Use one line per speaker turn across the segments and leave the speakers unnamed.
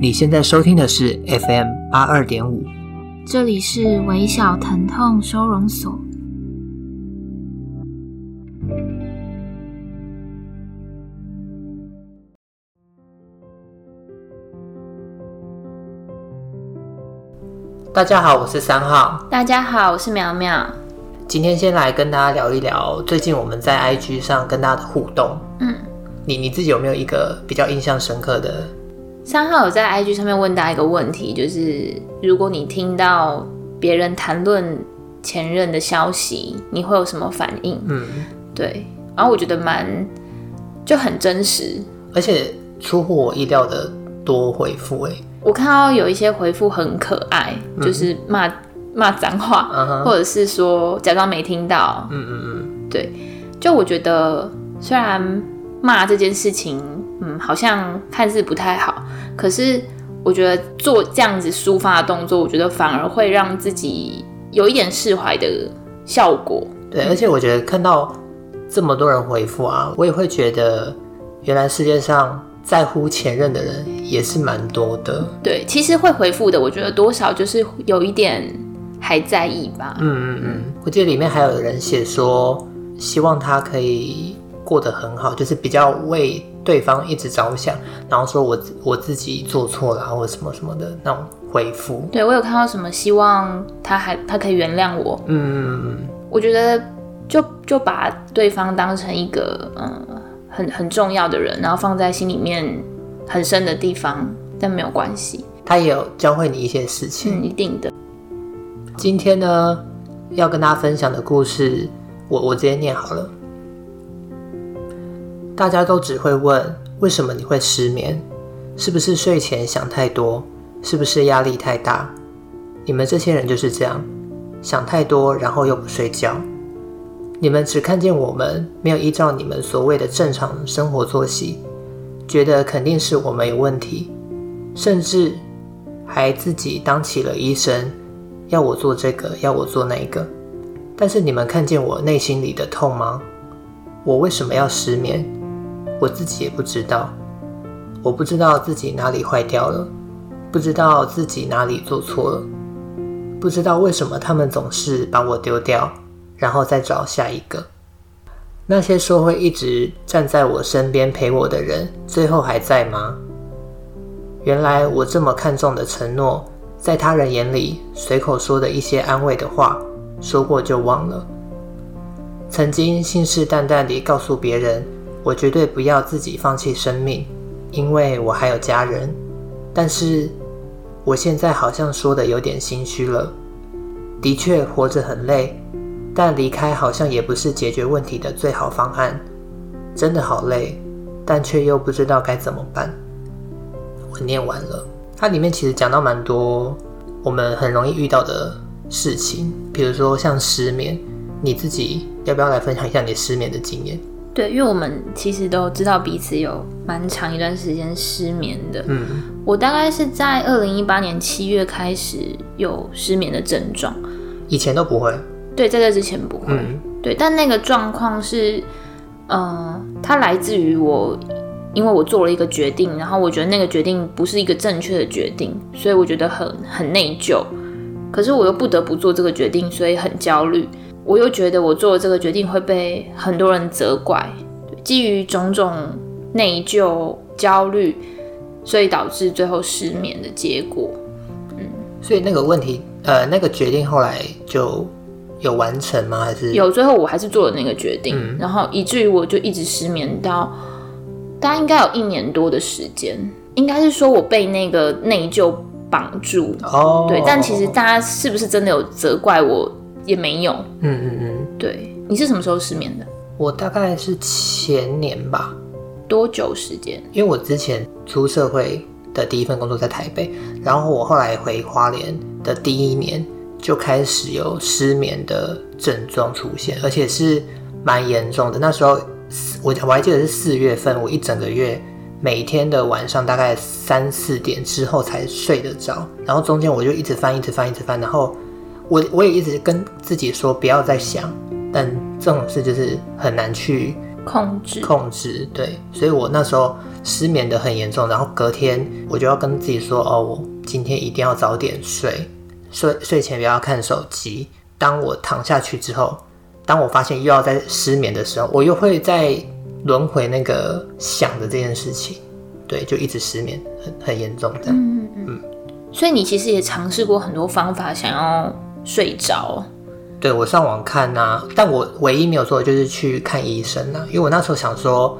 你現在收聽的是 FM 八二點五，
這裡是微小疼痛收容所。
大家好，我是三號。
大家好，我是苗苗。今天先來跟大家聊一聊最近我們在 IG
上跟大家的互動。
嗯，
你你自己有沒有一個比較印象深刻的？
三號有在 IG 上面問大家一個問題，就是如果你聽到別人談論前任的消息，你會有什麼反應？嗯，對。然後我覺得蠻，就很真實，而且
出乎我意料的多
回復誒。欸，我看到有一些回復很可愛，就是罵罵髒話，uh-huh，或者是說假裝沒聽到。嗯嗯
嗯，
對。就我覺得雖然罵這件事情，嗯，好像看似不太好。可是我覺得做這樣子抒發的動作，我覺得反而會讓自己有一點釋懷的效果。
對，而且我覺得看到這麼多人回復啊，我也會覺得原來世界上在乎前任的人也是蠻多的。
對，其實會回復的，我覺得多少就是有一點還在意吧。嗯嗯
嗯，我記得裡面還有人寫說，希望他可以，過得很好，就是比較為對方一直着想，然後說我我自己做錯了，或什麼什麼的那種回復。
對，我有看到什麼希望，他還他可以原諒我。嗯，我覺得就就把對方當成一個嗯很很重要的人，然後放在心裡面很深的地方，但沒有關係。他也有教會你一些事情。嗯，一定的。
今天呢，要跟大家分享的故事，我我直接念好了。大家都只會問，為什麼你會失眠？是不是睡前想太多？是不是壓力太大？你們這些人就是這樣，想太多然後又不睡覺。你們只看見我們沒有依照你們所謂的正常生活作息，覺得肯定是我們有問題，甚至還自己當起了醫生，要我做這個，要我做那個。但是你們看見我內心裡的痛嗎？我為什麼要失眠？我自己也不知道，我不知道自己哪裡壞掉了，不知道自己哪裡做錯了，不知道為什麼他們總是把我丟掉，然後再找下一個。那些說會一直站在我身邊陪我的人，最後還在嗎？原來我這麼看重的承諾，在他人眼裡隨口說的一些安慰的話，說過就忘了。曾經信誓旦旦地告訴別人。我絕對不要自己放棄生命，因為我還有家人。但是我現在好像說得有點心虛了。的確，活着很累，但離開好像也不是解決問題的最好方案。真的好累，但卻又不知道該怎麼辦。我念完了。它裡面其實講到蠻多我們很容易遇到的事情，比如說像失眠。你自己要不要來分享一下你失眠的經驗？
對，因為我們其實都知道彼此有蠻長一段時間失眠的。嗯，我大概是在二零一八年七月開始有失眠的症狀，
以前都不會。
對，在這之前不會。嗯。對，但那個狀況是，呃，它來自於我，因為我做了一個決定，然後我覺得那個決定不是一個正確的決定，所以我覺得很很內疚。可是我又不得不做這個決定，所以很焦慮。我又覺得我做這個決定會被很多人責怪，基於種種內疚、焦慮，所以導致最後失眠的結果。
嗯，所以那個問題，呃，那個決定後來就有完成嗎？還是有？最
後我還是做了那個決定，嗯、然後以至於我就一直失眠到大家應該有一年多的時間，應該是說我被那個內疚綁住。哦、oh.，對，但其實大家是不是真的有責怪我？也沒有，嗯
嗯嗯，
對。你是什麼時候失眠的？
我大概是前年吧。多久時間？因為我之前出社會的第一份工作在台北，然後我後來回花蓮的第一年就開始有失眠的症狀出現，而且是蠻嚴重的。那時候我我還記得是四月份，我一整個月每天的晚上大概三四點之後才睡得着，然後中間我就一直翻，一直翻，一直翻，然後。我我也一直跟自己說不要再想，但這種事就是很難去控制控制對，所以我那時候失眠得很嚴重，然後隔天我就要跟自己說哦，我今天一定要早點睡，睡睡前不要看手機。當我躺下去之後，當我發現又要再失眠的時候，我又會再輪迴那個想的這件事情，對，就一直失眠，很很嚴重。這樣，嗯嗯嗯，
所以你其實也嘗試過很多方法，想要。睡着，
對，我上網看吶，但我唯一沒有做的就是去看醫生吶，因為我那時候想說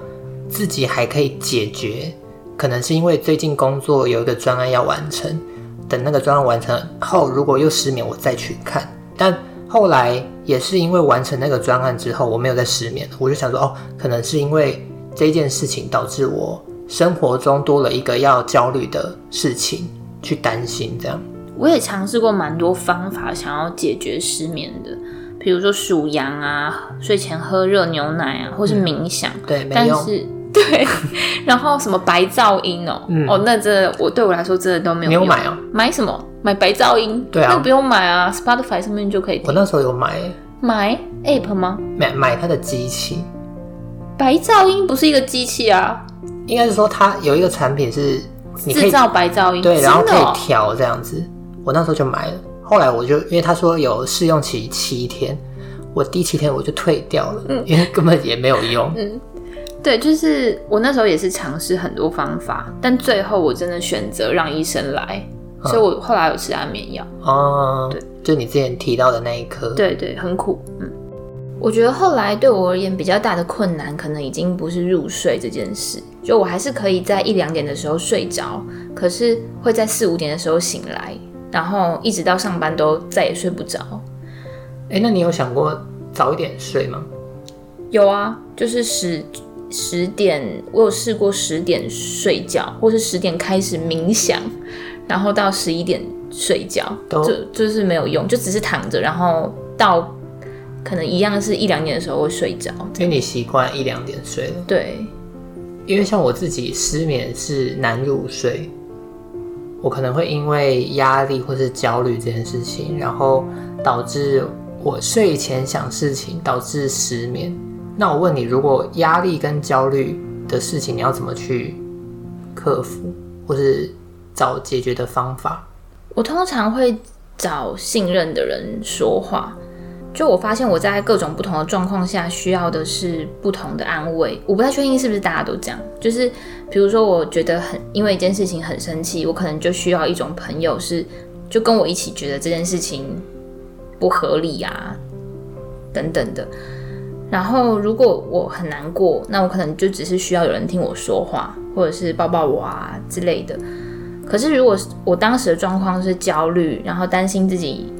自己還可以解決，可能是因為最近工作有一個專案要完成，等那個專案完成後，如果又失眠，我再去看。但後來也是因為完成那個專案之後，我沒有再失眠了，我就想說，哦，可能是因為這件事情導致我生活中多了一個要焦慮的事情去擔心這樣。
我也嘗試過蠻多方法，想要解決失眠的，比如說數羊啊，睡前喝熱牛奶啊，或是冥想。嗯、對，沒用，但是對， 然後什麼白噪音哦、嗯、哦，那這我對我來說真的都沒有用。沒有買哦、啊？買什麼？買白噪音？對啊，那個、不用買啊，Spotify 上面就可以。我
那時候有買。
買 App 嗎？
買買它的機器。
白噪音不是一個機器啊？應該是說它
有一個產品是你製造
白噪音，對、哦，然後可以
調這樣子。我那時候就買了，後來我就因為他說有試用期七天，我第七天我就退掉了，嗯，因為根本也沒有用。
嗯，對，就是我那時候也是嘗試很多方法，但最後我真的選擇讓醫生來，嗯，所以我後來有吃安眠藥
哦，對，就你之前提到的那一顆，對對，
很苦。嗯，我覺得後來對我而言比較大的困難，可能已經不是入睡這件事，就我還是可以在一兩點的時候睡着，可是會在四五點的時候醒來。然後一直到上班都再也睡不着，哎，那你有想過早一點睡嗎？有啊，就是十十點，我有試過十點睡覺，或是十點開始冥想，然後到十一點睡覺，都就，就是沒有用，就只是躺着，然後到可能一樣是一兩點的時候會睡着，
因為你習慣一兩點睡了，對，因為像我自己失眠是難入睡。我可能會因為壓力或是焦慮這件事情，然後導致我睡前想事情，導致失眠。那我問你，如果壓力跟焦慮的事情，你要怎麼去克服，或是找解決的方法？
我通常會找信任的人說話。就我發現我在各種不同的狀況下需要的是不同的安慰，我不太確定是不是大家都這樣。就是比如說，我覺得很，因為一件事情很生氣，我可能就需要一種朋友是就跟我一起覺得這件事情不合理啊等等的。然後如果我很難過，那我可能就只是需要有人聽我說話，或者是抱抱我啊之類的。可是如果我當時的狀況是焦慮，然後擔心自己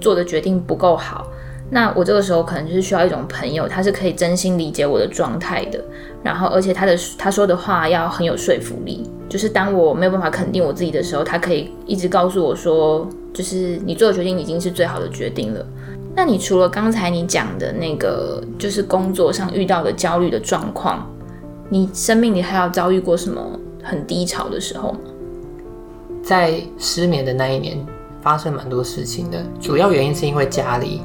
做的決定不夠好。那我這個時候可能就是需要一種朋友，他是可以真心理解我的狀態的，然後而且，他的他說的話要很有說服力，就是當我沒有辦法肯定我自己的時候，他可以一直告訴我說，就是你做的決定已經是最好的決定了。那你除了剛才你講的那個，就是工作上遇到的焦慮的狀況，你生命裡還要遭遇過什麼很低潮的時候嗎？
在失眠的那一年，發生蠻多事情的，主要原因是因為家裡。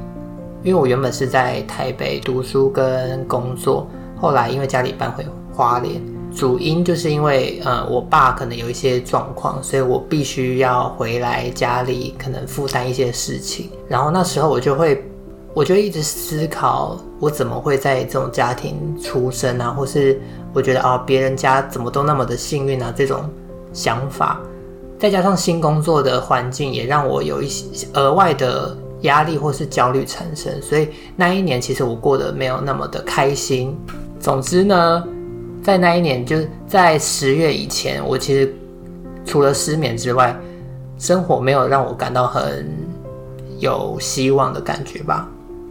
因為我原本是在台北讀書跟工作，後來因為家裡搬回花蓮，主因就是因為呃、嗯、我爸可能有一些狀況，所以我必須要回來家裡可能負擔一些事情。然後那時候我就會，我就一直思考我怎麼會在這種家庭出生啊，或是我覺得啊哦、別人家怎麼都那麼的幸運啊這種想法，再加上新工作的環境也讓我有一些額外的。壓力或是焦慮產生，所以那一年其實我過得沒有那麼的開心。總之呢，在那一年，就是在十月以前，我其實除了失眠之外，生活沒有讓我感到很有希望的感覺吧。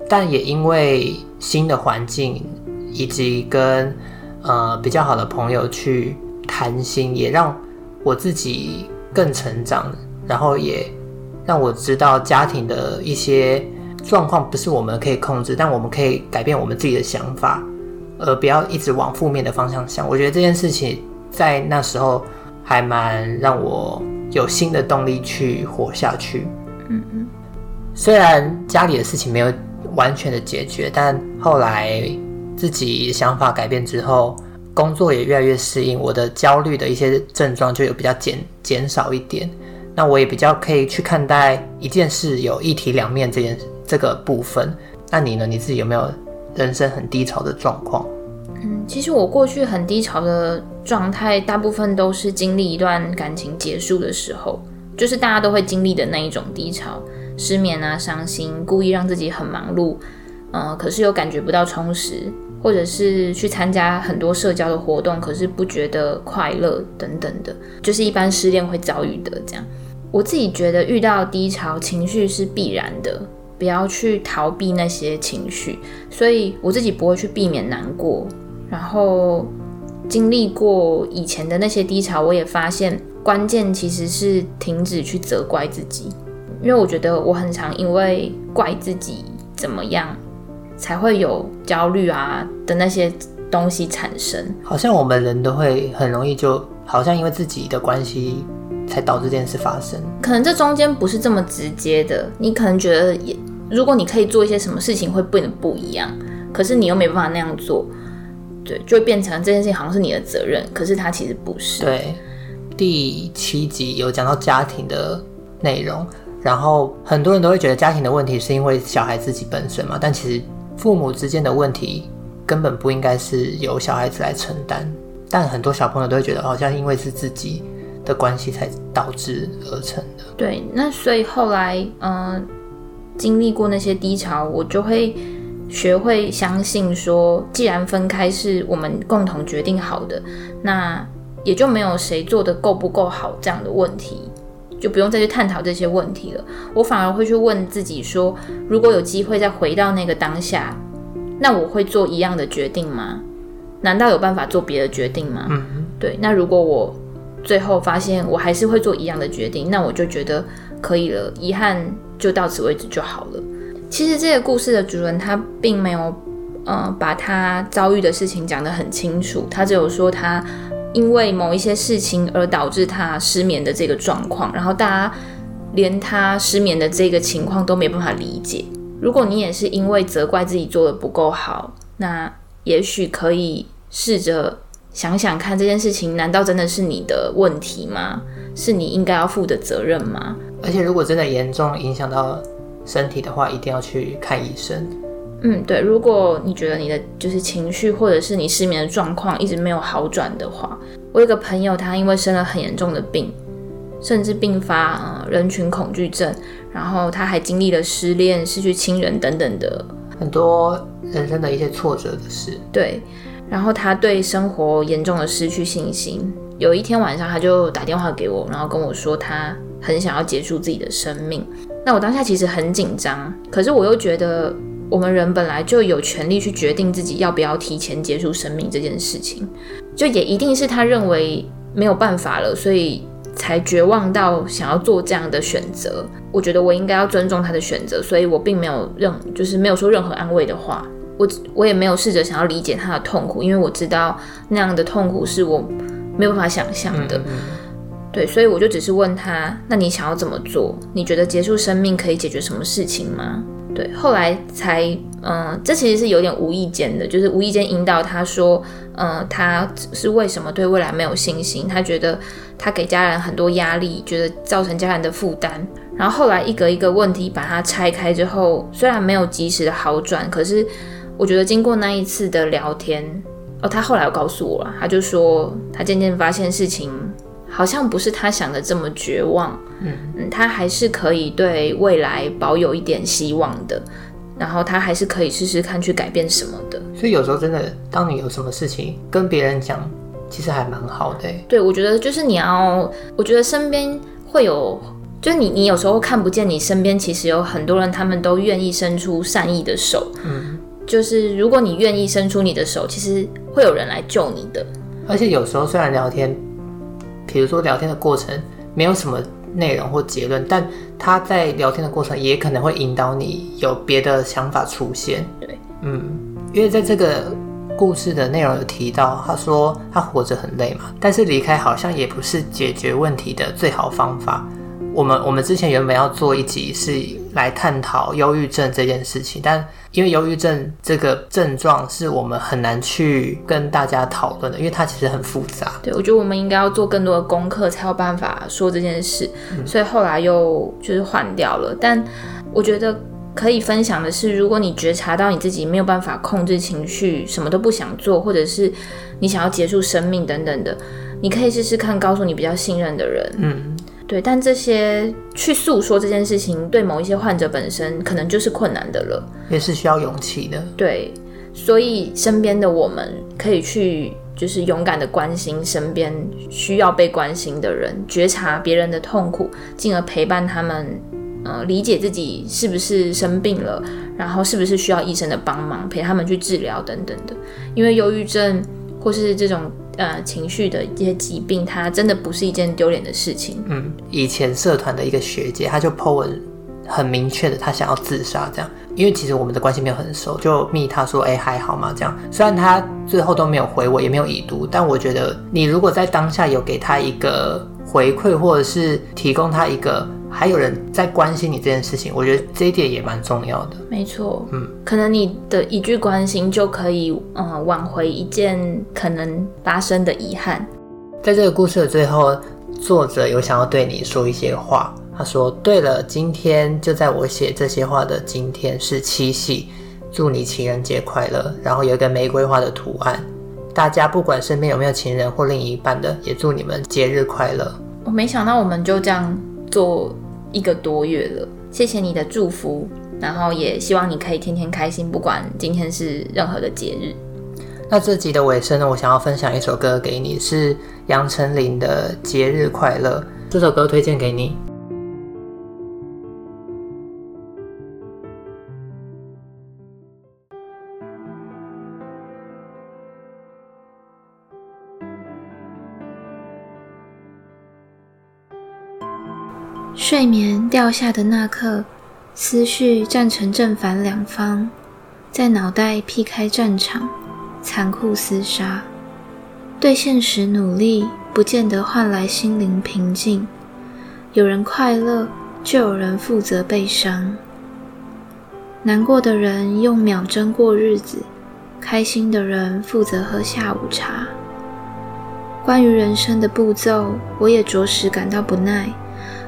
但也因為新的環境，以及跟，呃，比較好的朋友去談心，也讓我自己更成長，然後也。讓我知道家庭的一些狀況不是我們可以控制，但我們可以改變我們自己的想法，而不要一直往負面的方向想。我覺得這件事情在那時候還蠻讓我有新的動力去活下去。嗯
嗯，
雖然家裡的事情沒有完全的解決，但後來自己想法改變之後，工作也越來越適應，我的焦慮的一些症狀就有比較減減少一點。那我也比較可以去看待一件事，有一體兩面這件這個部分。那你呢？你自己有沒有人生很低潮的狀況？
嗯，其實我過去很低潮的狀態，大部分都是經歷一段感情結束的時候，就是大家都會經歷的那一種低潮，失眠啊，傷心，故意讓自己很忙碌，嗯、呃，可是又感覺不到充實。或者是去參加很多社交的活動，可是不覺得快樂等等的，就是一般失戀會遭遇的這樣。我自己覺得遇到低潮情緒是必然的，不要去逃避那些情緒，所以我自己不會去避免難過。然後經歷過以前的那些低潮，我也發現關鍵其實是停止去責怪自己，因為我覺得我很常因為怪自己怎麼樣。才會有焦慮啊的那些東西產生，
好像我們人都會很容易就，好像因為自己的關係才導致這件事發生。
可能這中間不是這麼直接的，你可能覺得也，如果你可以做一些什麼事情會變得不一樣，可是你又沒辦法那樣做，對，就會變成這件事情好像是你的責任，可是它其實不是。對，第七
集有講到家庭的內容，然後很多人都會覺得家庭的問題是因為小孩自己本身嘛，但其實。父母之間的問題根本不應該是由小孩子來承擔，但很多小朋友都會覺得好像因為是自己的關係才導致而成的。
對，那所以後來，嗯、呃，經歷過那些低潮，我就會學會相信說，既然分開是我們共同決定好的，那也就沒有誰做得夠不夠好這樣的問題。就不用再去探討這些問題了。我反而會去問自己說：如果有機會再回到那個當下，那我會做一樣的決定嗎？難道有辦法做別的決定嗎？嗯，對。那如果我最後發現我還是會做一樣的決定，那我就覺得可以了。遺憾就到此為止就好了。其實這個故事的主人他並沒有，呃，把他遭遇的事情講得很清楚。他只有說他。因為某一些事情而導致他失眠的這個狀況，然後大家連他失眠的這個情況都沒辦法理解。如果你也是因為責怪自己做得不夠好，那也許可以試着想想看，這件事情難道真的是你的問題嗎？是你應該要負的責任嗎？而且如果真的嚴重影響到身體的話，
一定要去看醫生。
嗯，對。如果你覺得你的就是情緒，或者是你失眠的狀況一直沒有好轉的話，我有個朋友，他因為生了很嚴重的病，甚至併發、呃、人群恐懼症，然後他還經歷了失戀、失去親人等等的很多人生的一些挫折的事。對，然後他對生活嚴重的失去信心。有一天晚上，他就打電話給我，然後跟我說他很想要結束自己的生命。那我當下其實很緊張，可是我又覺得。我們人本來就有權利去決定自己要不要提前結束生命這件事情，就也一定是他認為沒有辦法了，所以才絕望到想要做這樣的選擇。我覺得我應該要尊重他的選擇，所以我並沒有任就是沒有說任何安慰的話，我我也沒有試着想要理解他的痛苦，因為我知道那樣的痛苦是我沒有辦法想象的。嗯嗯嗯。對，所以我就只是問他：那你想要怎麼做？你覺得結束生命可以解決什麼事情嗎？對，後來才嗯、呃，這其實是有點無意間的，就是無意間引導他說，嗯、呃，他是為什麼對未來沒有信心？他覺得他給家人很多壓力，覺得造成家人的負擔。然後後來一個一個問題把他拆開之後，雖然沒有及時的好轉，可是我覺得經過那一次的聊天，哦，他後來有告訴我了，他就說他漸漸發現事情。好像不是他想的這麼絕望，嗯，嗯，他還是可以對未來保有一點希望的，然後他還是可以試試看去改變什麼的。
所以有時候真的，當你有什麼事情跟別人講，其實還蠻好的欸。
對，我覺得就是你要，我覺得身邊會有，就是你你有時候看不見，你身邊其實有很多人，他們都願意伸出善意的手。嗯，就是如果你願意伸出你的手，其實會有人來救你的。而
且有時候雖然聊天。比如說聊天的過程沒有什麼內容或結論，但他在聊天的過程也可能會引導你有別的想法出現。嗯，因為在這個故事的內容有提到，他說他活着很累嘛，但是離開好像也不是解決問題的最好方法。我們我們之前原本要做一集是來探討憂鬱症這件事情，但。因為憂鬱症這個症狀是我們很難去跟大家討論的，因為它其實很複雜。
對，我覺得我們應該要做更多的功課，才有辦法說這件事，嗯。所以後來又就是換掉了。但我覺得可以分享的是，如果你覺察到你自己沒有辦法控制情緒，什麼都不想做，或者是你想要結束生命等等的，你可以試試看告訴你比較信任的人。嗯。對，但這些去訴說這件事情，對某一些患者本身可能就是困難的了，
也是需要勇氣的。
對，所以身邊的我們可以去，就是勇敢地關心身邊需要被關心的人，覺察別人的痛苦，進而陪伴他們，嗯、呃，理解自己是不是生病了，然後是不是需要醫生的幫忙，陪他們去治療等等的。因為憂鬱症或是這種。呃，情緒的一些疾病，它真的不是一件丟臉的事情。嗯，
以前社團的一個學姐，她就 PO 文，很明確的，她想要自殺這樣。因為其實我們的關係沒有很熟，就密她說，哎、欸，還好嗎？這樣，雖然她最後都沒有回我，也沒有已讀，但我覺得你如果在當下有給她一個回饋，或者是提供她一個。還有人在關心你這件事情，我覺得這一點也蠻重要的。
沒錯，嗯，可能你的一句關心就可以，嗯，挽迴一件可能發生的遺憾。
在這個故事的最後，作者有想要對你說一些話。他說：“對了，今天就在我寫這些話的今天是七夕，祝你情人節快樂。然後有一個玫瑰花的圖案，大家不管身邊有沒有情人或另一半的，也祝你們節日快樂。”
我沒想到我們就這樣做。一個多月了，謝謝你的祝福，然後也希望你可以天天開心，不管今天是任何的節日。
那這集的尾聲呢，我想要分享一首歌給你，是楊丞琳的《節日快樂》，這首歌推薦給你。
睡眠掉下的那刻，思緒站成正反兩方，在腦袋劈開戰場，殘酷廝殺。對現實努力，不見得換來心靈平靜。有人快樂，就有人負責悲傷。難過的人用秒針過日子，開心的人負責喝下午茶。關於人生的步驟，我也着實感到不耐。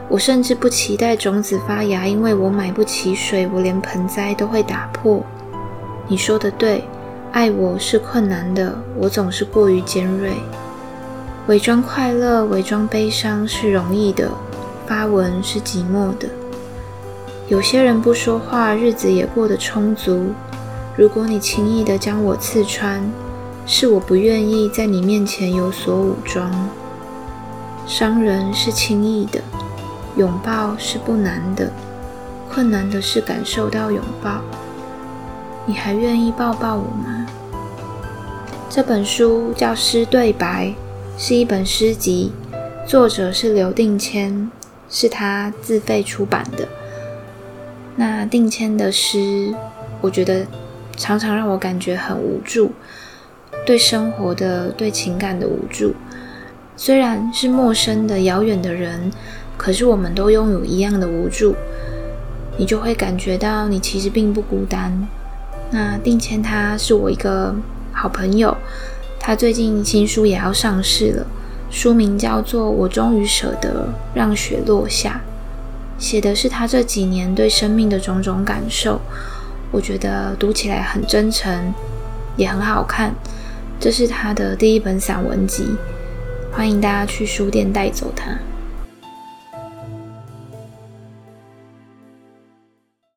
我甚至不期待種子發芽，因為我買不起水，我連盆栽都會打破。你說的對，愛我是困難的，我總是過於尖銳。偽裝快樂，偽裝悲傷是容易的，發文是寂寞的。有些人不說話，日子也過得充足。如果你輕易的將我刺穿，是我不願意在你面前有所武裝。傷人是輕易的。擁抱是不難的，困難的是感受到擁抱。你還願意抱抱我嗎？這本書叫《失對白》，是一本詩集，作者是劉定騫，是他自費出版的。那定騫的詩，我覺得常常讓我感覺很無助，對生活的、對情感的無助。雖然是陌生的、遙遠的人。可是我們都擁有一樣的無助，你就會感覺到你其實並不孤單。那定騫他是我一個好朋友，他最近新書也要上市了，書名叫做《我終於舍得讓雪落下》，寫的是他這幾年對生命的種種感受。我覺得讀起來很真誠，也很好看。這是他的第一本散文集，歡迎大家去書店帶走它。